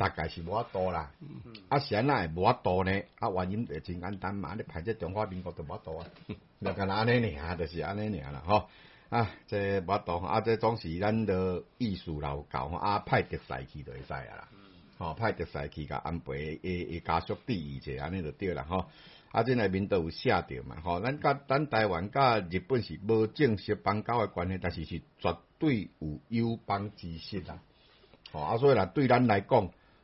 大概是無法度啦，啊是安怎會無法度呢，啊，原因著是真簡單嘛，你排只中華民國著無法度啊， 就咁阿呢年啊，著是安尼年啦，吼、哦，啊，即無法度。啊，即總是咱度藝術流教，啊，派特使去著會使啊啦，吼、嗯哦，派特使去甲安倍誒誒加速第二者，安尼著對啦，吼、哦，啊，即內面著有寫着嘛，吼、哦，咱甲咱台灣甲日本是無正式邦交嘅關係，但是是絕對有友邦之實啦吼、啊嗯哦，啊，所以啦對咱來講。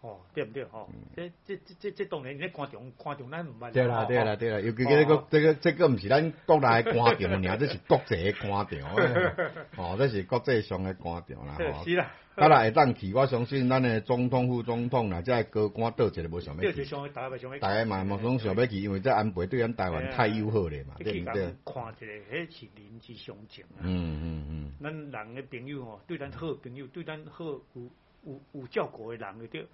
哦，對毋對？哦，即即即即即當年啲官場觀場，咱唔係。對啦對啦對啦，哦、對啦尤其又佢佢個即個即個毋是咱國內官場啊，即 是國際官場啊。 哦，這是國際上誒官場啦。是啦，但會當去。我相信，咱誒總統副總統啊，即係高官到咗，冇想咩？即係想去大陸，想去。大家嘛，冇講想咩去對對對，因為即安倍對咱台灣太友好咧嘛，對唔對？看起來係前年至上場。嗯嗯嗯。咱人誒朋友吼，對咱好朋友，對咱好，好有有有照顧誒人嘅對。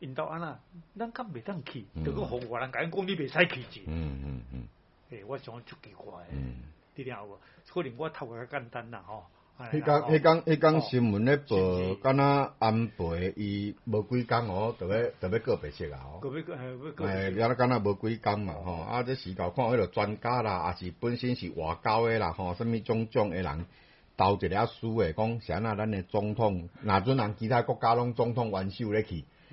印度啊，咱咁未當去，如果外國人咁講，你未使去住。嗯嗯嗯，誒，我想出奇誒，嗯。啲嘢喎，可能我頭較簡單啦，吼，迄工迄工迄工新聞咧報，敢若安倍伊無幾工哦，特別特別個別色啊。個別個係，唔係，佢敢若無幾工嘛，吼，啊，啲市搞看迄啲專家啦，啊，是本身是外交嘅啦，嗬，什咪種種嘅人，投一啲書誒，講，是安怎咱誒總統，若准人其他國家攏總統元首咧去。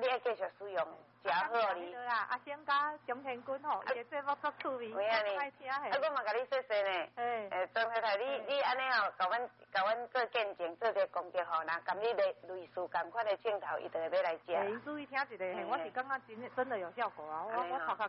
你愛繼續使用，真好哩、啊啊。啊，先甲張平軍吼，伊個節目足出名。唔哩，啊，我嘛甲你說說呢。嘿、欸。誒、欸，張太太，你、欸、你安尼吼，甲阮甲阮做見證，做些功德吼，那咁你類類似咁款的鏡頭伊定會要來照。你、欸、注意聽一下，嘿、欸，我是剛剛真的真的有效果啊、欸，我我發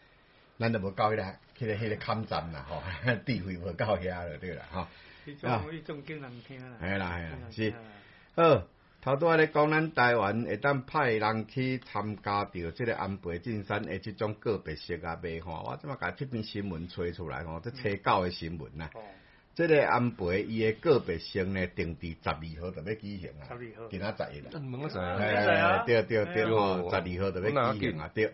咱著無到迄個，迄個迄個坎站啦，嗬，智慧無到遐著對啦，嗬。啊，中經能聽啦。係啦，係啦。是。嗯，頭拄仔咧講，咱台灣會當派人去參加著，即個安倍晉三誒，即種個別性啊，未？哈、喔，我即麼甲即篇新聞吹出來？哦、喔，即吹教誒新聞啊。哦、嗯。即、啊這個安倍伊誒個別性咧，定佇十二號就要舉行啊，十二號，今仔十一啦。唔、嗯，唔、啊，唔、啊，十、啊、一啊！對對對，吼十二號就要舉行啊，對。對嗯嗯對嗯。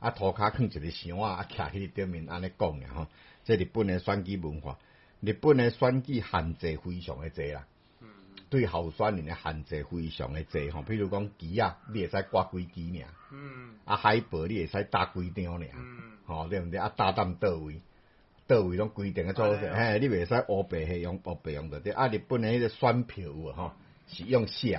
啊，塗骹囥一個箱啊，迄個頂面安尼講嘅吼。這日本誒選舉文化，日本誒選舉限制非常誒多啦，嗯、對好，候選人誒限制非常誒多吼。比如講旗啊，你會使掛幾支年、嗯？啊，海報你會使搭幾張年、嗯？吼，好對唔對？啊，搭檔到位，到位，攏規定嘅措施。哎嘿，你未使烏白係用烏白用對不啊，日本誒迄個選票吼，是用寫。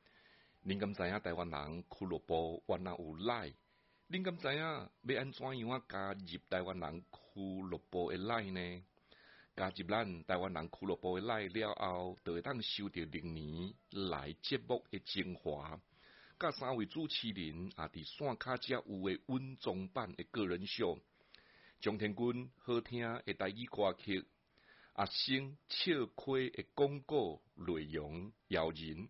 您敢知影台灣人俱樂部，原來有奶。您敢知啊？要安怎樣啊？加入台灣人俱樂部的奶呢？加入咱台灣人俱樂部的奶了後，就會當收到歷年來節目嘅精華。甲三位主持人啊，佇山卡家有嘅温中版嘅個人秀，張天軍好聽嘅台語歌曲，阿星笑虧嘅廣告內容誘人。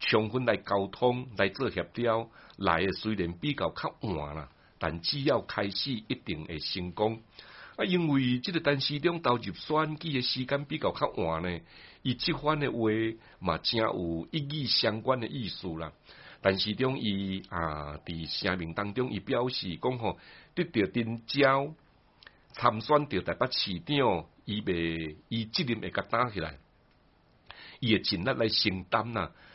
充分來溝通，來做協調，來嚟雖然比較較晏啦，但只要開始，一定會成功。啊，因為即個陳時中投入選舉嘅時間比較較晏呢，伊即番嘅話，嘛正有意義相關的意思啦。陳時中伊啊，佇聲明當中，伊表示講吼，對住電蕉參選，着台北市長，伊未伊責任會較擔起來，伊會盡力來承擔啦、啊。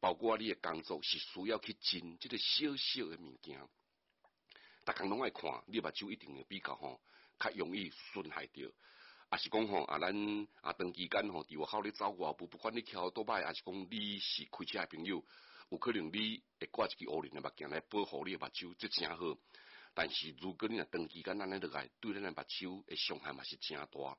包括你嘅工作是需要去見即、這個小小嘅物件，逐項攏愛看你目睭，一定會比較吼，較容易損害着。啊是講吼啊，咱啊長期間吼，佇、啊、外口，咧走顧，不不管你條倒歹，啊是講你是開車嘅朋友，有可能你會掛一支歐琳嘅目鏡來保護你嘅目睭，即誠好。但是如果你若長期間安尼落來，對咱嘅目睭嘅傷害嘛是誠大。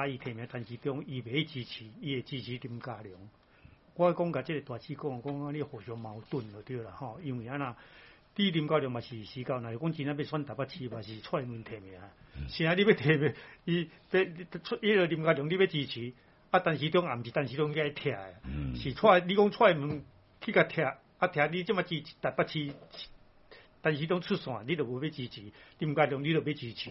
阿伊提名，陳時中伊袂支持，伊會支持林加良。我講甲即個大志講，講啲互相矛盾着啲啦，吼，因為尼呢林加良嘛，啊啊、一是時教，嗱，你講前一要選打百次，嘛，是出問題未啊？是啊，呢啲問題，二即出呢度林加良呢要支持，啊，陳時中也毋是，陳時中嘅拆，是出你講出問去甲拆一拆你即咪支持，打百次，陳時中出線，呢着無要支持，林加良呢着要支持。